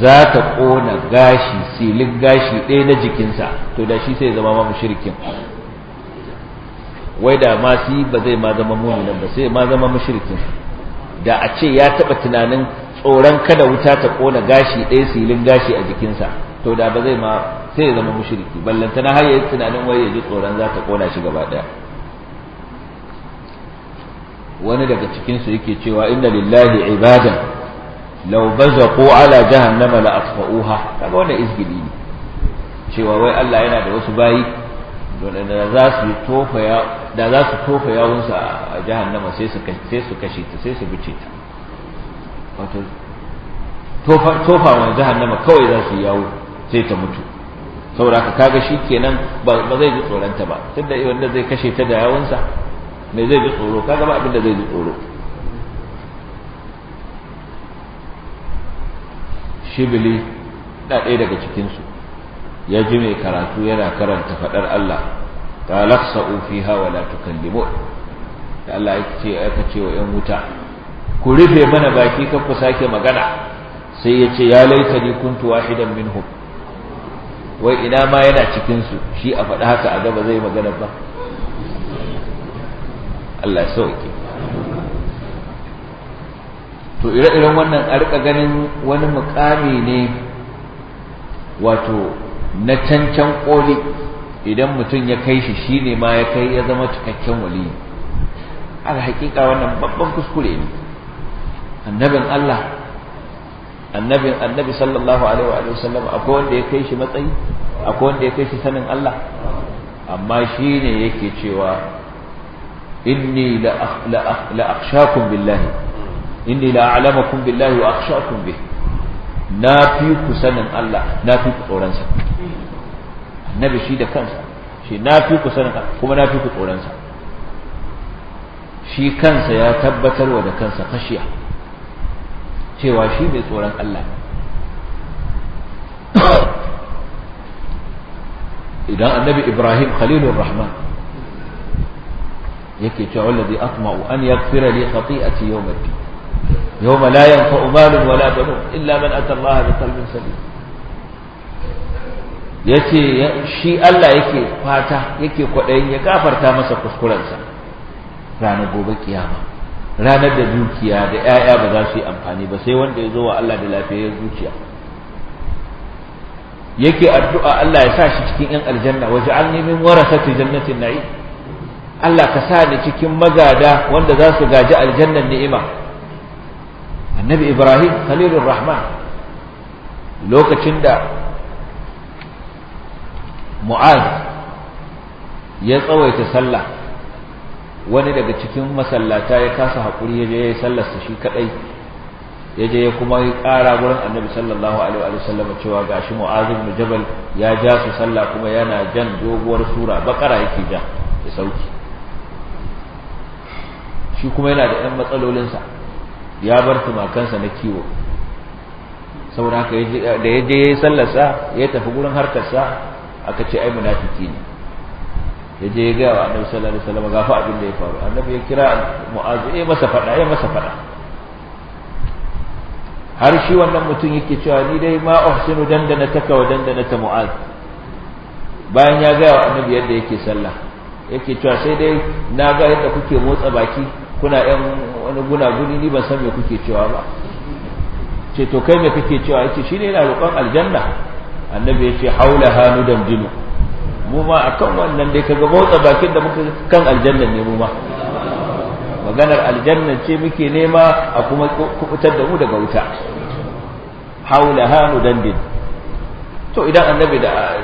Speaker 1: za ta ƙona gashi silin gashi ɗaya na jikinsa to da shi sai zama ma mushrikin wai da ma si ba zai ma zama mu'minin ba sai ma zama mushrikin da a ce ya taɓa tunanin tsoron kada wuta ta ƙona gashi ɗaya silin gashi a jikinsa to da ba zai ma sai ya zama mushriki ballantana har yayi tunanin wai ya ji tsoron za ta ƙona shi gaba ɗaya wani daga cikinsu yake cewa inna lillahi ibadan law bazaqu ala jahannama la asfa'uha kaga wannan izgili ne cewa wai Allah yana da wasu bayi da za su tofa ya da za su tofa yawunsa a jahannama sai su sai su kashe ta sai su bice ta wato tofa tofa wa jahannama kawai za su yawo sai ta mutu saboda ka kaga shikenan ba ba zai ji tsoronta ba tunda wanda zai kashe ta da yawunsa me zai ji tsoro kaga ba abin da zai ji tsoro shibili na ɗaya daga cikinsu ya ji mai karatu yana karanta faɗar Allah ta laksa ufi hawa tukan limo da Allah ya ce wa ‘yan wuta ku rufe mana baki kan ku sake magana sai ya ce ya laita ni kuntu wahidan hu wai ina ma yana cikinsu shi a faɗi haka a gaba zai magana ba Allah ya sauke to ire-iren wannan a rika ganin wani mukami ne wato na cancan koli idan mutum ya kai shi shi ne ma ya kai ya zama cikakken wali hakika wannan babban kuskure ne annabin Allah annabin annabi sallallahu alaihi wa sallam akwai wanda ya kai shi matsayi akwai wanda ya kai shi sanin Allah amma shi ne yake cewa inni la akhshakum billahi inni la a'lamakum billahi wa akhshakum bih na fi ku sanin Allah na fi ku tsoron sa annabi shi da kansa shi na fi ku sanin kuma na fi ku tsoron sa shi kansa ya tabbatar wa da kansa kashiya cewa shi mai tsoron Allah idan annabi Ibrahim khalilur rahman yake cewa wallazi atma'u an yaghfira li khati'ati yawm al yawma la yanfa'u malun wala banun illa man ata Allah bi qalbin yace shi Allah yake fata yake kwaɗayin ya gafarta masa kuskurensa ranar gobe kiyama ranar da dukiya da 'ya'ya ba za su yi amfani ba sai wanda ya zo wa Allah da lafiyar zuciya yake addu'a Allah ya sa shi cikin ‘yan aljanna waje an nemin warasati jannatin na'i Allah ka sa ni cikin magada wanda za su gaji aljannan ni'ima annabi ibrahim khalilur rahman lokacin da mu'az ya tsawaita sallah wani daga cikin masallata ya kasa haƙuri ya je ya yi sallarsa shi kaɗai ya je ya kuma yi ƙara wurin annabi sallallahu alaihi wa sallam cewa gashi mu'az ibn jabal ya ja su sallah kuma yana jan doguwar sura bakara yake ja da sauki shi kuma yana da ɗan matsalolinsa ya bar tumakansa na kiwo saboda haka da ya je ya yi sallarsa ya tafi gurin harkarsa aka ce ai munafiki ne ya je ya gaya wa annabi sallallahu alaihi wasallam gafa abin da ya faru annabi ya kira mu'azu ya eh, masa fada ya eh, masa fada har shi wannan mutum yake cewa ni dai ma uhsinu dandana taka wa dandana ta mu'az bayan ya gaya wa annabi yadda yake sallah yake cewa sai dai na ga yadda kuke motsa baki kuna yan wani gunaguni ni ban san me kuke cewa ba ce to kai me kake cewa yace shine yana roƙon aljanna annabi yace haula hanu damdinu mu ma akan wannan dai kaga motsa bakin da muka kan aljanna ne mu ma maganar aljanna ce muke nema a kuma kubutar da mu daga wuta haula hanu dandin to idan annabi da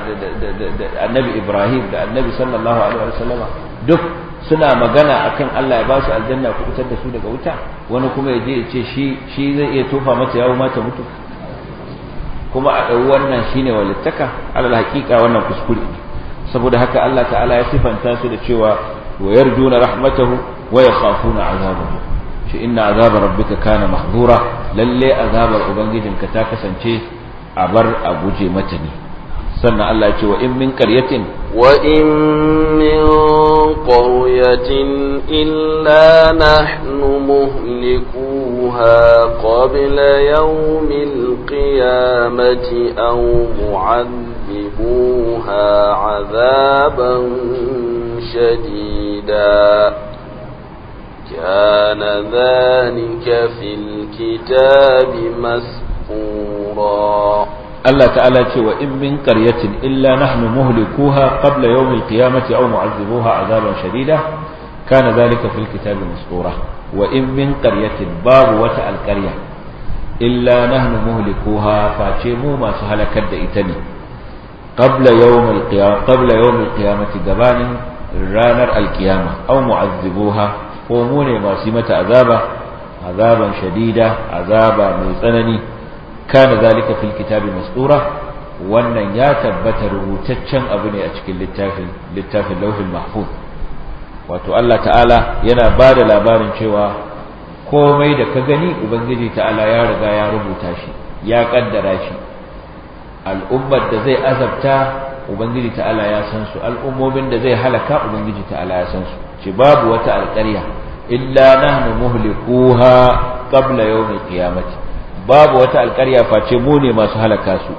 Speaker 1: annabi ibrahim da annabi sallallahu alaihi wasallama duk suna magana akan Allah ya ba su aljanna ku fitar da su daga wuta wani kuma ya je ya ce shi shi zai iya tofa mata yawo mata mutu kuma a ɗau wannan shine walittaka alal haƙiƙa wannan kuskure saboda haka Allah ta'ala ya sifanta su da cewa wayar juna rahmatahu wa yakhafuna azabahu shi inna rabbi rabbika kana mahdura lalle azabar ubangijinka ta kasance a bar a guje mata ne sannan Allah ya ce wa in min qaryatin
Speaker 2: wa in min qaryatin illa nahnu muhlikuha qabla yawmil qiyamati aw mu'adhibuha 'adaban shadida كان ذلك في الكتاب مسطورا
Speaker 1: Allah ta'ala ce wa in min qaryatin illa nahnu muhlikuha qabla yawm al-qiyamati aw mu'azzibuha azaban shadida kana zalika fil kitabi masdura wa in min qaryatin babu wata alqarya illa nahnu muhlikuha face mu masu halakar da ita ne qabla yawm al-qiyamah qabla ranar alkiyama qiyama aw ko mu ne masu mata azaba azaban shadida azaba mai tsanani kana zalika fil kitabi masdura wannan ya tabbata rubutaccen abu ne a cikin littafin littafin lauhul mahfuz wato Allah ta'ala yana ba da labarin cewa komai da ka gani ubangiji ta'ala ya riga ya rubuta shi ya kaddara shi
Speaker 3: al'ummar da zai azabta ubangiji ta'ala ya san su al'ummomin da
Speaker 1: zai halaka ubangiji ta'ala ya san su ce babu wata alƙarya illa nahnu muhlikuha qabla yawmil qiyamati babu wata alƙarya face mu ne masu halaka su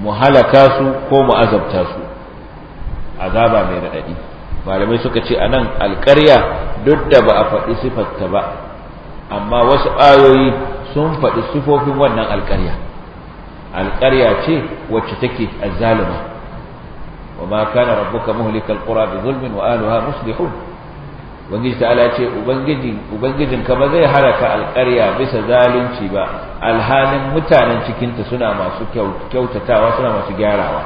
Speaker 1: mu halaka su ko mu azabta su azaba mai raɗaɗi malamai suka ce anan alƙarya duk da ba a faɗi sifarta ba amma wasu ayoyi sun faɗi sifofin wannan alƙarya alƙarya ce wacce take azzalima wa ma kana rabbuka muhlikal qura bi zulmin muslihun
Speaker 3: ubangiji ta ya ce ubangijin ka ba zai haraka alƙarya bisa zalunci ba alhalin mutanen cikinta suna masu
Speaker 1: kyautatawa suna masu gyarawa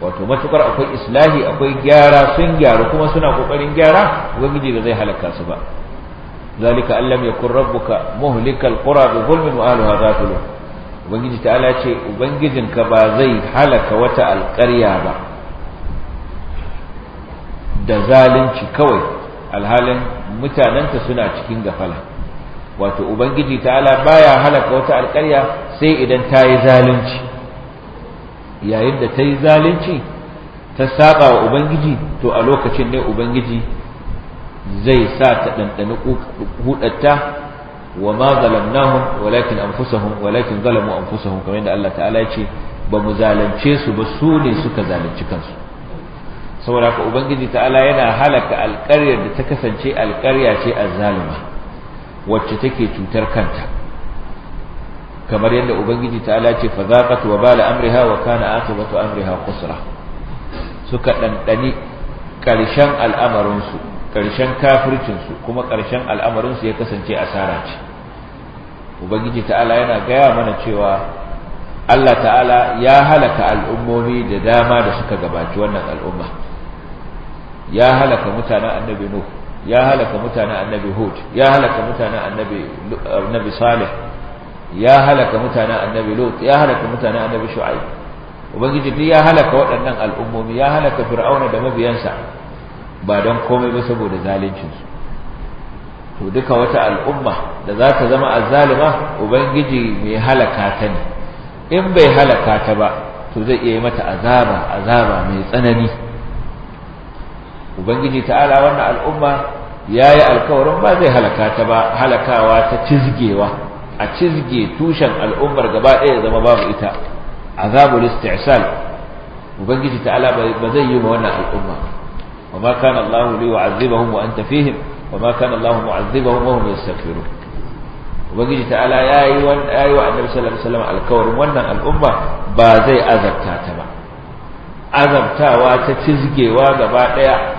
Speaker 1: wato matukar akwai islahi akwai gyara sun gyara kuma suna kokarin gyara ubangiji ba zai halaka su ba zalika allam yakun rabbuka muhlikal qura bi zulmin wa ahliha ghafilun ubangiji ta'ala ce ubangijin ka ba zai halaka wata alƙarya ba da zalunci kawai alhalin mutanenta suna cikin gafala wato ubangiji ta'ala baya halaka wata alƙarya sai idan ta yi zalunci yayin da ta yi zalunci ta saba wa ubangiji to a lokacin ne ubangiji zai sa ta ɗanɗani hudatta wa ma zalamnahum walakin anfusahum walakin zalamu anfusahum kamar yadda Allah ta'ala ya ce ba mu zalunce su ba su ne suka zalunci kansu saboda ka ubangiji ta'ala yana halaka alƙaryar da ta kasance alƙarya ce azzalima wacce take cutar kanta kamar yadda ubangiji ta'ala ce fa zaqat wa bala amriha wa kana akibatu amriha qusra suka dandani ƙarshen al'amarin su ƙarshen kafircin su kuma ƙarshen al'amarin su ya kasance asara ce ubangiji ta'ala yana gaya mana cewa Allah ta'ala ya halaka al'ummomi da dama da suka gabaci wannan al'umma
Speaker 3: ya halaka mutanen annabi nuh
Speaker 1: ya halaka mutanen annabi hud ya halaka mutanen annabi annabi salih ya halaka mutanen annabi lut ya halaka mutanen annabi shu'aib ubangiji duk ya halaka waɗannan al'ummomi ya halaka fir'auna da mabiyansa ba don komai ba saboda zaluncinsu to duka wata al'umma da za ta zama azzalima ubangiji mai halaka ta ne in bai halaka ta ba to zai iya yi mata azaba azaba mai tsanani ubangiji ta'ala wannan al'umma
Speaker 3: yayi alƙawarin ba zai halaka ta ba halakawa ta cizgewa
Speaker 1: a cizge tushen al'ummar gaba ɗaya zama babu ita azabul isti'sal ubangiji ta'ala ba zai yi ma wannan al'umma wa ma kana Allahu li yu'azzibahum wa anta fihim wa ma kana Allahu mu'azzibahum wa hum yastaghfirun ubangiji ta'ala yayi wan yayi wa annabi sallallahu alaihi wasallam alkawarin wannan al'umma ba zai azabta ta ba azabtawa ta cizgewa gaba daya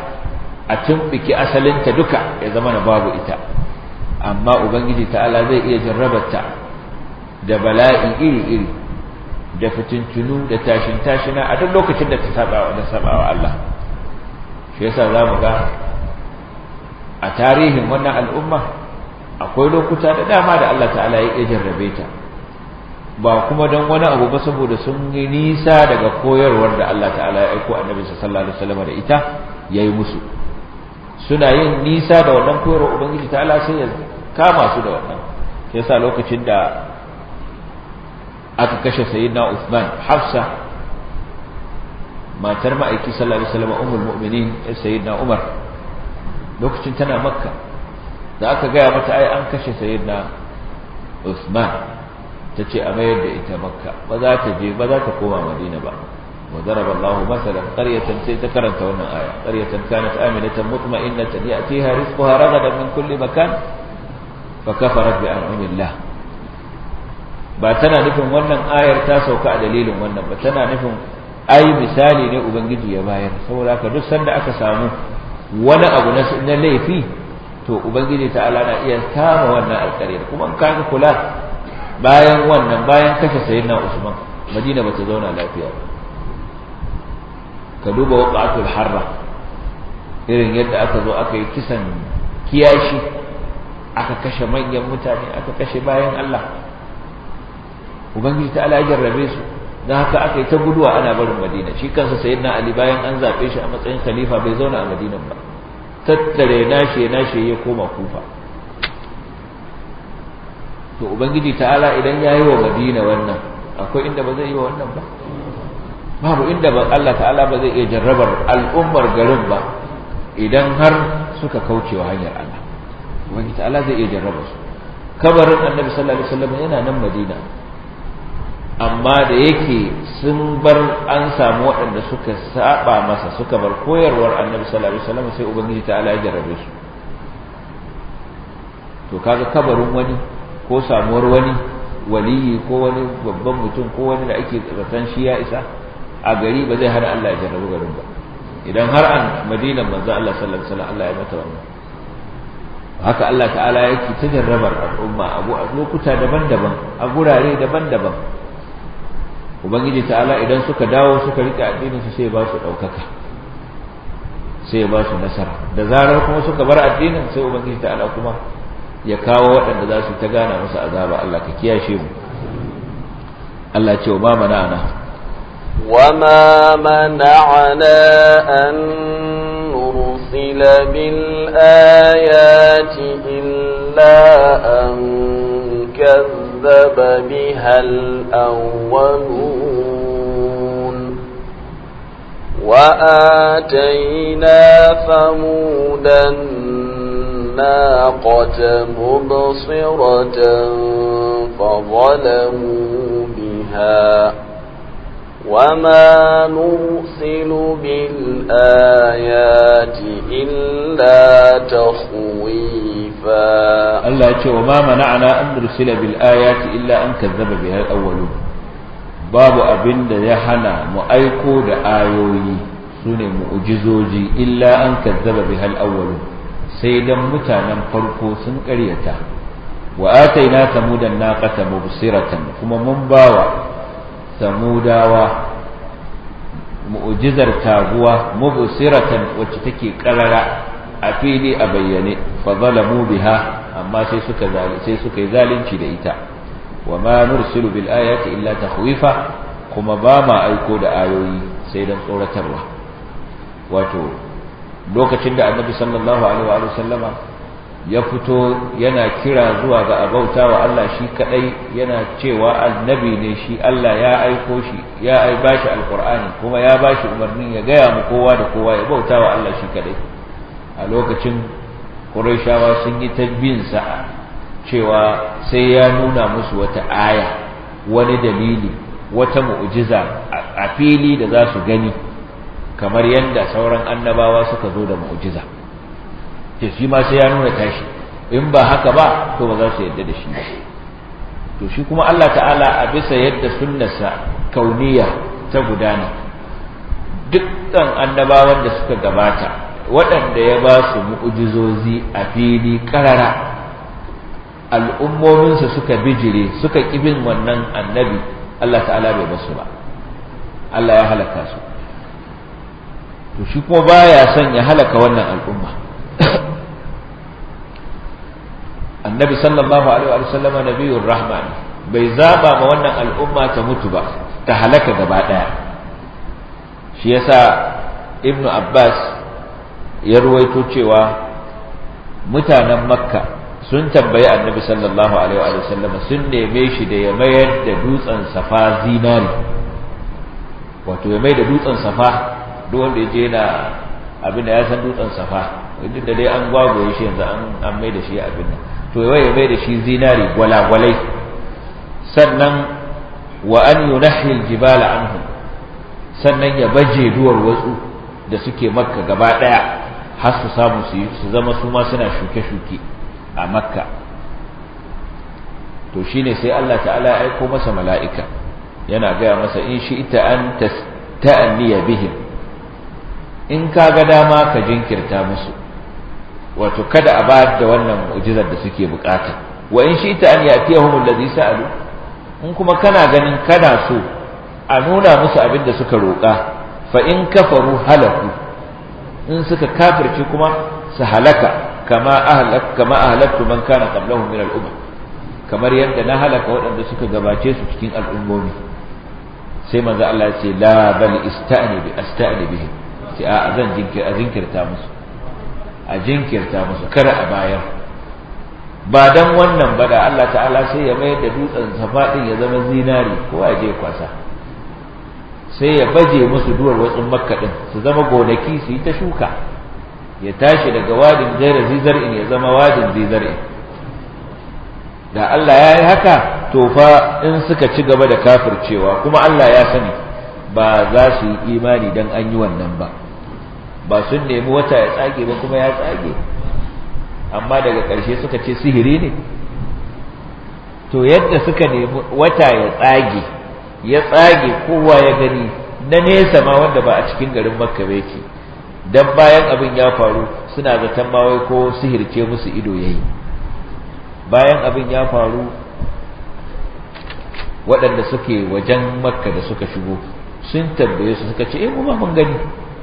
Speaker 1: a tumbiki asalinta duka ya zama na babu ita amma ubangiji ta'ala zai iya jarrabarta da bala'i iri-iri da fitintunu da tashin tashina a duk lokacin da ta saba da Allah shi yasa mu ga a tarihin wannan al'umma akwai lokuta da dama da Allah ta'ala ya jarrabe ta ba kuma don wani abu ba saboda sun yi nisa daga koyarwar da Allah ta'ala ya aiko annabi sallallahu alaihi wasallam da ita yayi musu suna yin nisa da wannan koyarwa ubangiji ta Allah sai ya kama su da wannan sai sa lokacin da aka kashe sayyidina Uthman Hafsa matar ma'aiki sallallahu alaihi wasallam ummul mu'minin sayyidina Umar lokacin tana Makka da aka gaya mata ai an kashe sayyidina Uthman tace a mayar da ita Makka ba za ta je ba za ta koma Madina ba وضرب الله مثلا قرية تكرم تونا آية قرية كانت آمنة مطمئنة يأتيها رزقها رغدا من كل مكان فكفرت بأنعم الله ba tana nufin wannan ayar ta sauka a dalilin wannan ba tana nufin ai misali ne ubangiji ya bayar saboda duk sanda aka samu wani abu na laifi to ubangiji ta'ala na iya kama wannan alƙaryar kuma in ka kula bayan wannan bayan kashe sayyidina Usman Madina bata zauna lafiya ba ka duba waqatul harra irin yadda aka zo aka yi kisan kiyashi aka kashe manyan mutane aka kashe bayan Allah
Speaker 3: ubangiji ta ala
Speaker 1: jarrabe su na haka aka yi ta guduwa ana barin Madina shi kansa na Ali bayan an zabe shi a matsayin khalifa bai zauna a Madina ba tattare nashe nashe ya koma Kufa to ubangiji ta'ala idan ya yi wa Madina wannan akwai inda ba zai yi wa wannan ba babu inda Allah ta'ala ba zai iya jarrabar al'ummar garin ba idan har suka kaucewa hanyar Allah wani ta'ala zai iya jarraba su kabarin annabi sallallahu alaihi wasallam yana nan madina amma da yake sun bar an samu waɗanda suka saba masa suka bar koyarwar annabi sallallahu alaihi wasallam sai ubangiji ta'ala ya jarrabe su to kaga kabarin wani ko samuwar wani waliyi ko wani babban mutum ko wani da ake zaton shi ya isa a gari ba zai hana Allah ya jarrabu garin ba idan har an madinan manzo Allah sallallahu alaihi wasallam Allah ya mata wannan haka Allah ta'ala yake ta jarrabar al'umma abu a lokuta daban-daban a gurare daban-daban ubangiji ta'ala idan suka dawo suka rike addinin su sai ba su daukaka sai ba su nasara da zarar kuma suka bar addinin sai ubangiji ta'ala kuma ya kawo waɗanda za su ta gana musu azaba Allah ka kiyashe mu Allah ce wa mana ana
Speaker 2: وما منعنا أن نرسل بالآيات إلا أن كذب بها الأولون وآتينا ثمود الناقة مبصرة فظلموا بها وما نرسل بالآيات إلا تخويفا
Speaker 1: الله يقول وما منعنا أن نرسل بالآيات إلا أن كذب بها الأولون babu abinda ya hana mu aiko da ayoyi su ne mu'ujizoji illa an kazzaba bi hal awwalun sai dan mutanen farko sun ƙaryata wa ataina samudan naqata mubsiratan kuma mun bawa samudawa
Speaker 3: mu'jizar taguwa mubsiratan wacce take karara
Speaker 1: a fili a bayyane fa zalamu biha amma sai suka sai suka yi zalunci da ita wa ma nursilu bil ayati illa takhwifa kuma ba ma aiko da ayoyi sai dan tsoratarwa wato lokacin da annabi sallallahu alaihi wa sallama ya fito yana kira zuwa ga abauta wa Allah shi kadai yana cewa annabi ne shi Allah ya aiko shi ya ai bashi alqur'ani kuma ya bashi umarnin ya gaya mu kowa da kowa ya bauta wa Allah shi kadai a lokacin quraishawa sun yi tabbin sa cewa sai ya nuna musu wata aya wani dalili wata mu'jiza a fili da za su gani kamar yadda sauran annabawa suka zo da mu'jiza ce shi ma sai ya nuna tashi in ba haka ba to ba za su yadda da shi ba to shi kuma Allah ta'ala a bisa yadda sunnarsa kauniya ta gudana dukkan annabawan da suka gabata waɗanda ya ba su mu'ujizozi a fili ƙarara al'ummominsa suka bijire suka kibin wannan annabi Allah ta'ala bai basu ba Allah ya halaka su to shi kuma baya son ya halaka wannan al'umma annabi sallallahu alaihi wa sallama nabiyur rahman bai zaba ma wannan al'umma ta mutu ba ta halaka gaba daya shi yasa ibnu abbas ya ruwaito cewa mutanen makka sun tambayi annabi sallallahu alaihi wa sun neme shi da ya mayar da dutsen safa zinari wato ya mai da dutsen safa duk wanda ya je abin da ya san dutsen safa duk da dai an gwagwaye shi yanzu an mai da shi abin nan to ya bai da shi zinari gwalagwalai sannan wa an yunahi aljibala anhum sannan ya baje duwar watsu da suke makka gaba daya har su samu su zama su ma suna shuke-shuke a makka to shine sai Allah ta'ala ya aiko masa mala'ika yana gaya masa in shi ita an ta'anniya bihim in ka ga dama ka jinkirta musu wato kada a bayar da wannan mu'jizar da suke bukata wa in shi ta an yatiyahum allazi sa'alu in kuma kana ganin kana so a nuna musu abin da suka roƙa fa in kafaru halaku in suka kafirce kuma su halaka kama ahlak kama ahlaktu man kana qablahum min al kamar yadda na halaka waɗanda suka gabace su cikin al'ummomi sai manzo Allah ya ce la bal ista'ni bi asta'ni bihim sai a zan jinkirta musu a jinkirta musu kar a bayar ba dan wannan ba da Allah ta'ala sai ya mayar da dutsen faɗin ya zama zinari ko a je kwasa sai ya baje musu duwar wasu makka su zama gonaki su yi ta shuka ya tashi daga wadin zizar zizar'in ya zama wadin in. da Allah ya yi haka to fa in suka ci gaba da kafircewa kuma Allah ya sani ba za su yi imani don an yi wannan ba ba sun nemi wata ya tsage ba kuma ya tsage amma daga ƙarshe suka ce sihiri ne to yadda suka nemi wata ya tsage ya tsage kowa ya gani na nesa ma wanda ba a cikin garin makka ba yake dan bayan abin ya faru suna zaton ma wai ko sihirce musu ido yayi bayan abin ya faru waɗanda suke wajen makka da suka shigo sun tambaye su suka ce eh mu ba mun gani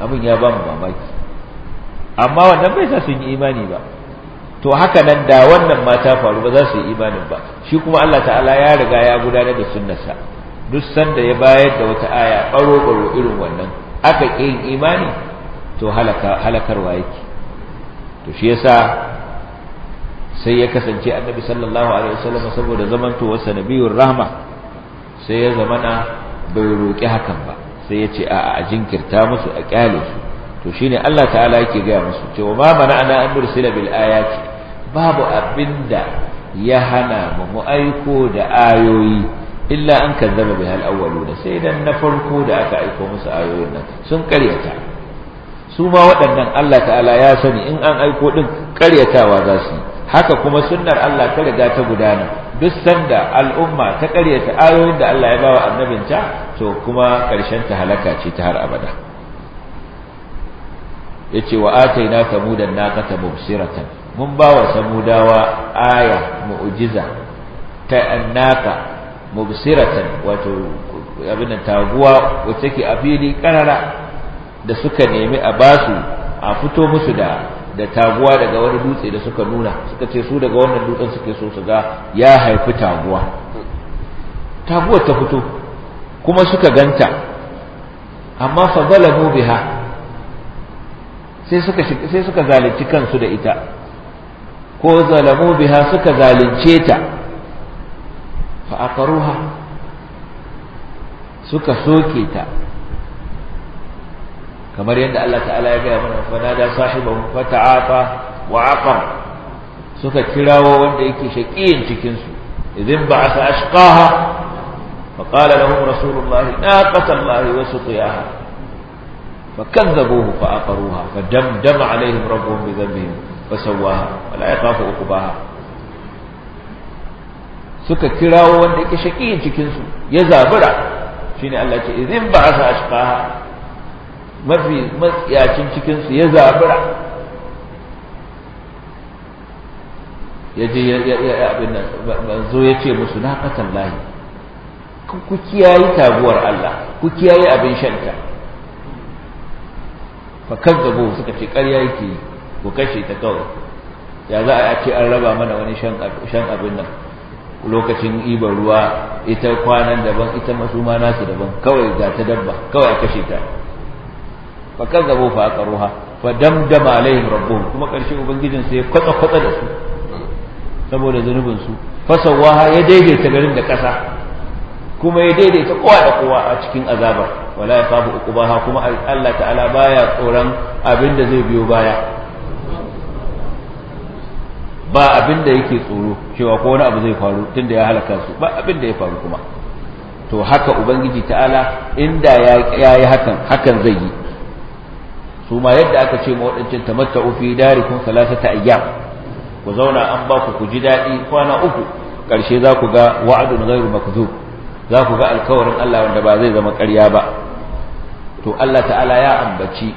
Speaker 1: abin ya ba mu mamaki amma wannan bai sa sun yi imani ba to haka nan da wannan mata faru ba za su yi imanin ba shi kuma Allah ta'ala ya riga ya gudanar da sunnarsa duk sanda ya bayar da wata aya baro baro irin wannan aka yin imani to halaka halakarwa yake to shi yasa sai ya kasance annabi sallallahu alaihi wasallam saboda zamantowarsa nabiyur rahma sai ya zamana bai roƙi hakan ba sai ya ce a a jinkirta musu a kyale su to shine Allah ta'ala yake gaya musu cewa ma mana'ana an nursila bil ayati babu abinda ya hana mu mu aiko da ayoyi illa an kazzaba bihal da sai dan na farko da aka aiko musu ayoyin nan sun karyata
Speaker 3: su ma waɗannan Allah ta'ala ya sani in an aiko din karyatawa za su yi haka kuma sunnar Allah ta riga ta gudana
Speaker 1: duk sanda al'umma ta karyata ayoyin da Allah ya bawa annabinta to kuma karshen ta halaka ce ta har abada yace wa ataina samudan naqata mubsiratan mun bawa samudawa aya mu'jiza ta annaka mubsiratan wato abin taguwa wacce ke a fili karara da suka nemi a basu a fito musu da da taguwa daga wani dutse da suka nuna suka ce su daga wannan dutsen suke so su ga ya haifi taguwa taguwar ta fito kuma suka ganta amma fa zalamu biha sai suka sai suka zalunci kansu da ita ko zalamu biha suka zalunce ta fa aqaruha suka soke ta kamar yadda Allah ta'ala ya gaya mana fa nada sahibahu fa ta'afa wa aqar suka kirawo wanda yake shaqiyin cikin su idin ba'atha ashqaha fa qala lahum rasulullahi naqata allahi wa suqiyaha فكذبوه فأقروها فدمدم عليهم ربهم بذنبهم فسواها ولا يخاف عقباها suka kirawo wanda yake shakiyin cikin su ya zabura shine Allah ce idan idzin ba'asa ashqaha mafi matsiyacin cikinsu ya zabura ya je ya abin nan manzo ya ce musu na fatan layi ku kiyaye taguwar Allah ku kiyaye abin shanta fa kazzabo suka ce ƙarya yake ku kashe ta kawai ya za a ce an raba mana wani shan abin nan lokacin ibar ruwa ita kwanan daban ita masu ma nasu daban kawai ga ta dabba kawai a kashe ta fa kazzabu fa aqruha fa damdama alaihim rabbuhum kuma karshe ubangijin sai ya kwatsa da su saboda zunubin su fasawaha ya daidaita garin da kasa kuma ya daidaita kowa da kowa a cikin azabar wala ya fabu kuma Allah ta'ala baya tsoron abin da zai biyo baya ba abin yake tsoro cewa ko wani abu zai faru tunda ya halaka su ba abin ya faru kuma to haka ubangiji ta'ala inda ya yi hakan hakan zai yi su ma yadda aka ce ma waɗancan dari kun salasa ta ayyam ku zauna an ba ku ku ji daɗi kwana uku ƙarshe za ku ga wa'adun ghairu makzu za ku ga alkawarin Allah wanda ba zai zama ƙarya ba to Allah ta'ala ya ambaci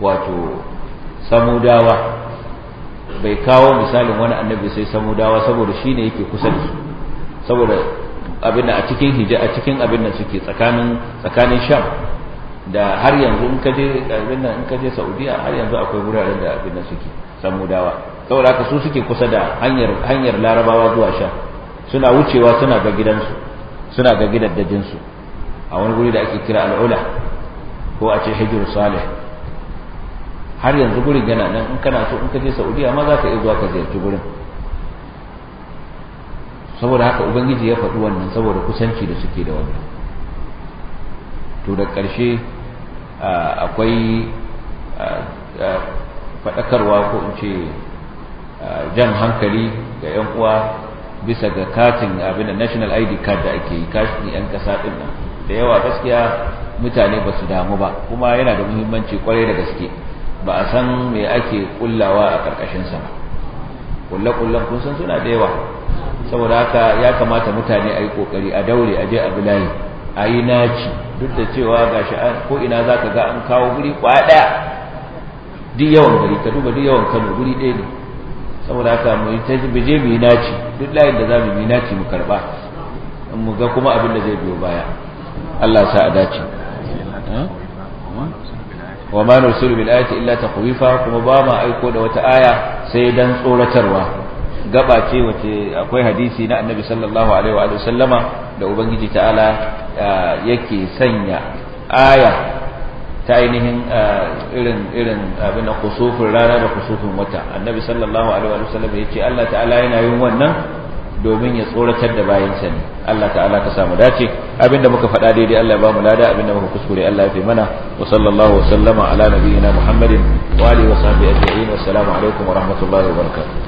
Speaker 1: wato samudawa bai kawo misalin wani annabi sai samudawa saboda shi ne yake kusa da su saboda abin a cikin hijja a cikin abin da suke tsakanin tsakanin sham da har yanzu in ka je abin nan in ka je Saudiya har yanzu akwai wuraren da abin nan suke kawai saboda haka su suke kusa da hanyar hanyar Larabawa zuwa sha suna wucewa suna ga gidansu suna ga gidaddajin su a wani guri da ake kira al'ula ko a ce Hijr Salih har yanzu gurin yana nan in kana so in ka je Saudiya ma za ka iya zuwa ka ziyarci gurin saboda haka ubangiji ya faɗi wannan saboda kusanci da suke da wannan to da ƙarshe Ah, akwai ah, ah, faɗakarwa ko in ce jan hankali ga 'yan uwa bisa ga katin abin da national id card da ake yi kashin 'yan ƙasa ɗin nan da yawa gaskiya mutane ba su damu ba kuma yana da muhimmanci kwarai da gaske ba a san me ake kullawa a ƙarƙashinsa ba kulle-kullen kun san suna da yawa saboda haka ya kamata mutane a yi ƙoƙari a daure a je abu layi a yi naci duk da cewa ga sha'an ko ina za ka ga an kawo guri kwaɗa duk yawan gari ka duba duk yawan kano guri ɗaya ne saboda haka mu je mu yi naci duk layin da za mu yi naci mu karɓa mu ga kuma abin da zai biyo baya Allah sa a dace
Speaker 3: wa ma nursilu bil ayati illa taqwifa kuma ba ma aiko da wata aya sai dan tsoratarwa
Speaker 1: gaba ce wace akwai hadisi na annabi sallallahu alaihi wa sallama da ubangiji ta'ala yake sanya aya ta ainihin irin irin abin kusufin rana da kusufin wata annabi sallallahu alaihi wa sallama yace Allah ta'ala yana yin wannan domin ya tsoratar da bayansa ne Allah ta'ala ka samu dace abinda muka faɗa daidai Allah ya bamu mu lada abinda muka
Speaker 3: kuskure Allah ya fi mana wa sallallahu wa sallama ala nabiyyina Muhammadin wa alihi wa sahbihi ajma'in wa assalamu alaikum wa rahmatullahi wa barakatuh